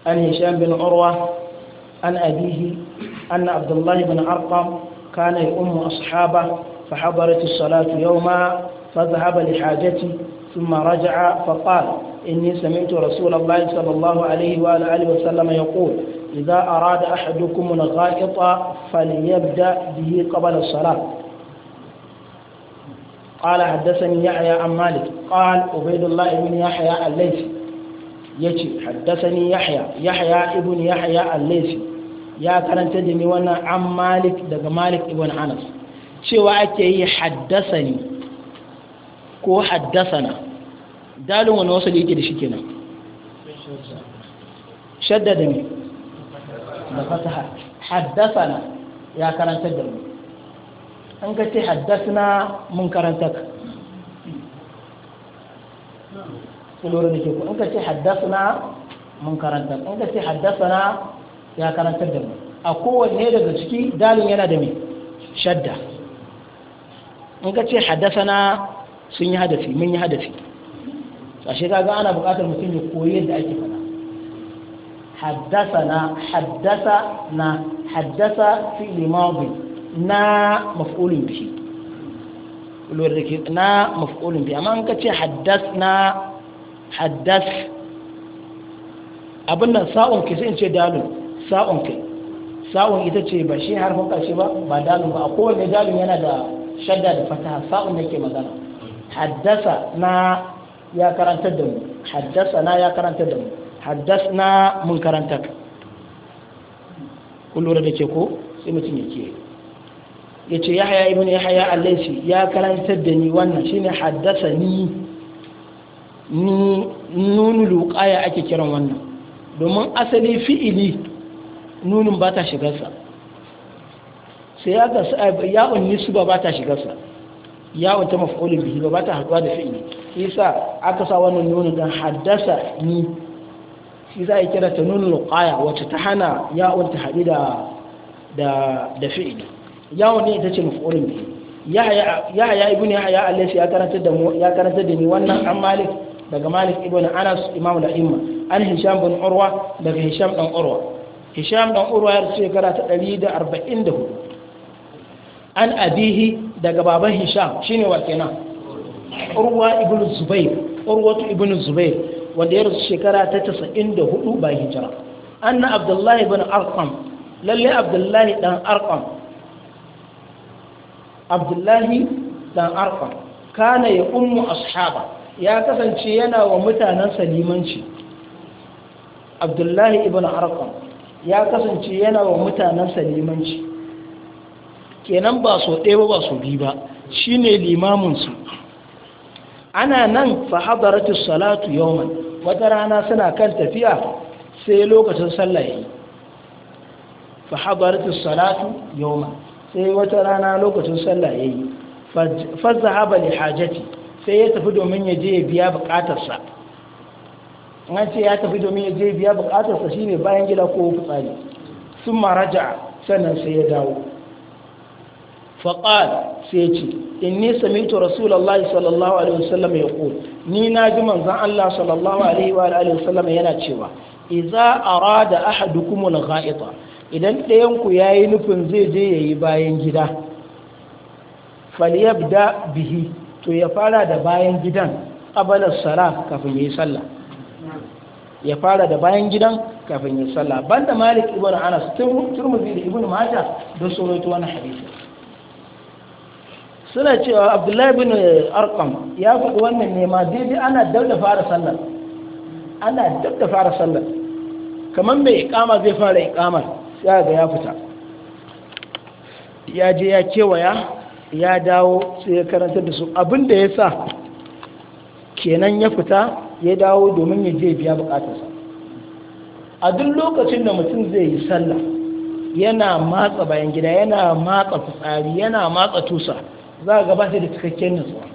عن هشام بن عروة عن أبيه أن عبد الله بن أرقم كان يؤم أصحابه فحضرت الصلاة يوما فذهب لحاجته ثم رجع فقال إني سمعت رسول الله صلى الله عليه وآله وسلم يقول إذا أراد أحدكم الغائط فليبدأ به قبل الصلاة قال حدثني يحيى عن مالك قال عبيد الله بن يحيى الليثي يجي حدثني يحيى يحيى ابن يحيى الليثي ya karanta da ni wannan an malik daga malik ibn anas cewa ake yi haddasa ni ko haddasa na dalin wani wasu da yake da shi kenan shadda da ni da fata haddasa na ya karanta da mu an ga ce haddasa na mun karanta ka ku lura da ke ku an ga ce haddasa na mun karanta an ga ce haddasa na ya karantar da mu a kowanne daga ciki dalin yana da mai shadda in ka ce haddasana sun yi hadafi mun yi hadafi ashe ga ana buƙatar mutum ya koyi yadda ake haddasa haddasana haddasa na haddasa fi limabi na maf'ulun bi lura da ke na maf'ulun bihi amma in ka ce haddas na haddas abin nan sa'on ke sai in ce dalil Sa'on kai sa'on ita ce ba shi harfin ƙarshe ba ba dalin ba a kowane dalin yana da shadda da fataha sa'on da ke magana haddasa na ya karanta da mu haddasa na ya karanta da mu haddasa na mun karanta kun lura da ke ko sai mutum ya ke ya ce yahaya ibn yahaya allaisi ya karanta da ni wannan shine haddasa ni nunu luqaya ake kiran wannan domin asali fi'ili nunin ba ta shigarsa sai ya ga yawon nisba ba ta shigarsa ya'un ta mafi bihi ba ta haɗuwa da fi'ili isa aka sa wannan nunin don haddasa ni shi za a kira ta nunin luqaya wacce ta hana ya'un ta haɗu da da da fi'ili ne ita ce mafi bihi ya haya ibu ne ya alaisu ya karanta da ni wannan an malik daga malik na anas imam da imma an hisham bin urwa daga hisham dan urwa hisham dan urwa ya rasu shekara ta 144 an abihi daga baban hisham shine wa kenan urwa ibn zubair urwatu ibn zubair wanda ya rasu shekara ta 94 ba hijira anna abdullahi ibn arqam lalle abdullahi dan arqam abdullahi dan arqam kana ya ummu ashaba ya kasance yana wa mutanen Salimanci. abdullahi ibn arqam ya kasance yana wa mutanensa limanci kenan ba so ɗaya ba so biyu ba shi ne limaminsu ana nan fahadaratu salatu yawman wata rana suna kan tafiya sai lokacin sallah yayi fahadaratu salatu yawman sai wata rana lokacin sallah fazza haɓa ne hajjati sai ya tafi domin ya je ya biya bukatarsa an ce ya tafi domin ya je biya bukatarsa shine bayan gida ko fitsari sun maraja sannan sai ya dawo faƙal sai ce inni ni samitu rasulallah sallallahu alaihi wasallam ya ƙo ni na ji manzan allah sallallahu alaihi wa alaihi wasallam yana cewa iza arada ahadukumul gha'ita idan ɗayan ku yayi nufin zai je yayi bayan gida falyabda bihi to ya fara da bayan gidan qabala salat kafin yayi sallah ya fara da bayan gidan kafin ya sallah banda malik ibn anas turmuzi da ibn majah don soroto wani hadisi suna cewa abdullahi bin arqam ya faɗi wannan nema daidai ana dab da fara sallar ana dab da fara sallar kamar mai ikama zai fara ikamar sai ga ya fita ya je ya kewaya ya dawo sai ya karanta da su abin da ya sa kenan ya fita ya dawo domin ya je biya bukatarsa a duk lokacin da mutum zai yi sallah yana matsa bayan gida yana matsa fitsari yana matsa tusa za a gabata da cikakken nutsuwa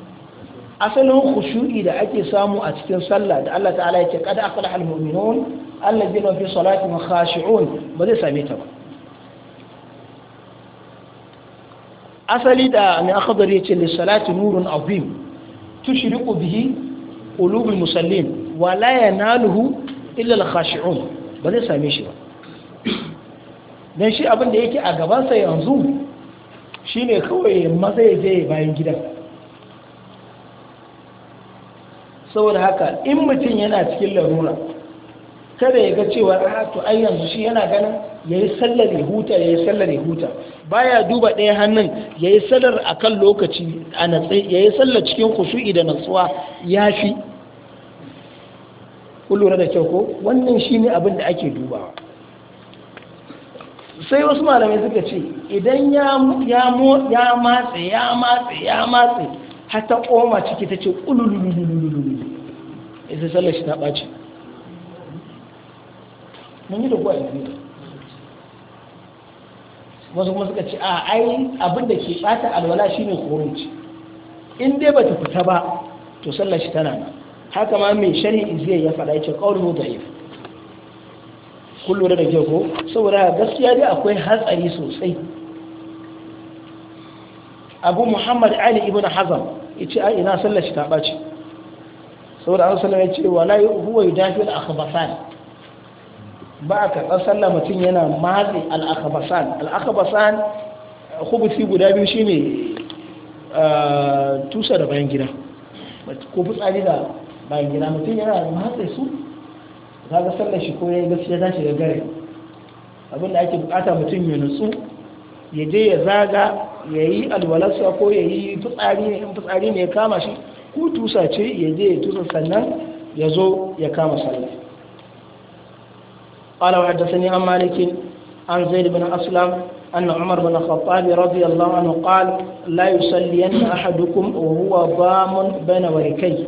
asalin khushu'i da ake samu a cikin sallah da Allah ta'ala yake kada afala al-mu'minun alladhina fi salatihim khashi'un ba zai same ta ba asali da mai akhdari yace li salati nurun azim tushriqu bihi qulubi musallin wa la yanaluhu illa al-khashi'un ba zai same shi ba dan shi abin da yake a gabansa yanzu yanzu shine kawai maza ya je bayan gidan saboda haka in mutum yana cikin larura kada ya ga cewa a ah, to ai yanzu shi yana ganin yayi sallar ya huta yayi sallar ya huta baya duba ɗaya hannun yayi sallar akan lokaci a natsi yayi sallar cikin khushu'i da natsuwa yafi ku lura da kyau ko wannan shine abin da ake dubawa sai wasu malamai suka ce idan ya ya matse ya matse ya matse har ta koma ciki tace ce ƙululululululu sallar shi ta bace mun yi da yanzu wasu kuma suka ce a ai abin da ke bata alwala shine khuruj in dai bata fita ba to sallar shi tana nan haka ma mai in zai ya faɗa yace qawluhu da'if kun lura da ke ko saboda gaskiya dai akwai hatsari sosai abu muhammad ali ibn hazam ya ce ai ina sallar shi ta ɓaci saboda an sallar ya ce wala huwa yudafi al-akhbasan ba a karɓar sallah mutum yana matse al'akabasan al'akabasan hubusi guda biyu shi ne eh, tusa da bayan gida ko fitsari da bayan gida mutum yana matse su za ga sallar shi ko ya yi gaskiya za shi gare abinda ake bukata mutum ya nutsu ya je ya zaga ya yi alwalarsa ko ya yi fitsari ne in fitsari ne ya kama shi ko tusa ce ya je ya tusa sannan ya zo ya kama sallah قال وحدثني عن مالك عن زيد بن أسلم أن عمر بن الخطاب رضي الله عنه قال لا يصلين أحدكم وهو ضام بين وركيه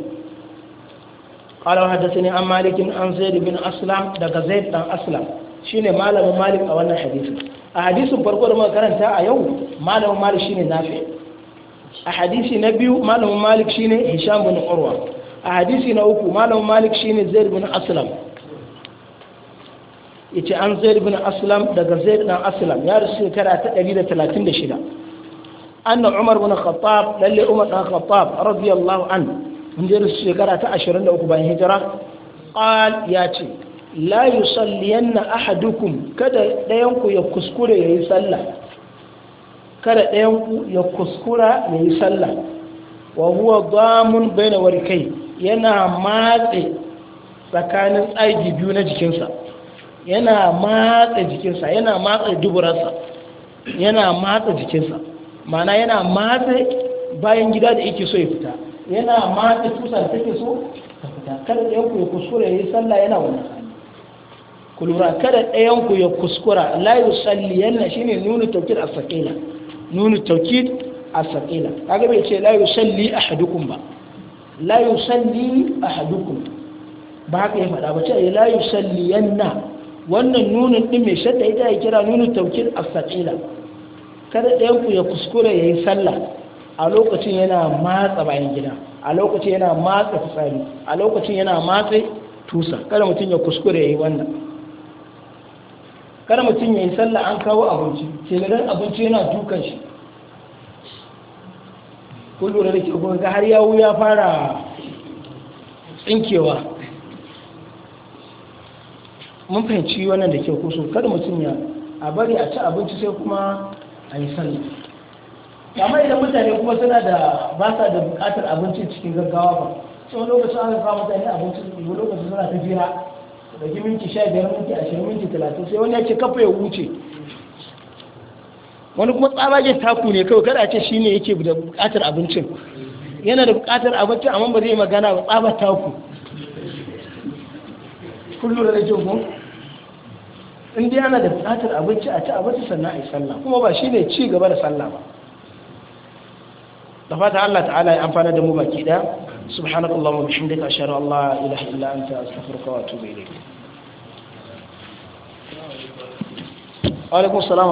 قال وحدثني عن مالك عن زيد بن أسلم دقى زيد بن أسلم shine malamin malik a wannan hadisin a hadisin farko da a yau malamin malik shine nafi a na biyu malamin malik shine hisham bin urwa ahadisi na uku malamin malik shine zaid bin aslam yace an zaid ibn aslam daga zaid ibn aslam ya rasu shekara ta 136 anna umar ibn khattab lalle umar ibn khattab radiyallahu an mun je rasu shekara ta 23 bayan hijira qal ya ce la yusalliyanna ahadukum kada dayan ku ya kuskure yayi sallah kada dayan ku ya kuskura yayi sallah wa huwa damun baina warkai yana matse tsakanin aiki biyu na jikinsa yana matsa jikinsa yana matsa duburarsa yana matsa jikinsa mana yana matsa bayan gida da yake so ya fita yana matsa tusa da take so ta fita kada ɗayanku ya kuskura ya yi sallah yana wani ku lura kada ɗayanku ya kuskura layu la yana shi ne nuna taukid a saƙila nuna taukid a saƙila ta bai ce layu salli a hadukun ba layu salli a hadukun ba haka ya faɗa ba ce layu yusalli yana wannan nunin ɗin mai shadda ita ya kira nunin taukin asaƙila kada ɗayan ku ya kuskure ya yi sallah a lokacin yana matsa bayan gida a lokacin yana matsa fitsari a lokacin yana matsa tusa kada mutum ya kuskure ya yi wannan kada mutum ya yi sallah an kawo abinci shekarun abinci yana dukan shi kullum da ke ga har yawu ya fara tsinkewa mun fahimci wannan da ke kusa kada mutum ya a bari a ci abinci sai kuma a yi sallah amma idan mutane kuma suna da ba sa da bukatar abinci cikin gaggawa ba sai wani lokacin an kawo mutane abinci wani lokacin suna ta jira da ki minti sha biyar minti ashirin minti talatin sai wani ya ce kafa ya wuce wani kuma tsabage taku ne kawai kada a ce shine yake da bukatar abincin yana da bukatar abincin amma ba zai magana ba tsabar taku kun da jin kun in dai ana da bukatar abinci a ci abinci sannan a yi sallah kuma ba shine ci gaba da sallah ba da fata Allah ta'ala ya amfana da mu baki da subhanakallahu wa bihamdika ashhadu an la ilaha illa anta astaghfiruka wa atubu ilayk wa alaikum assalam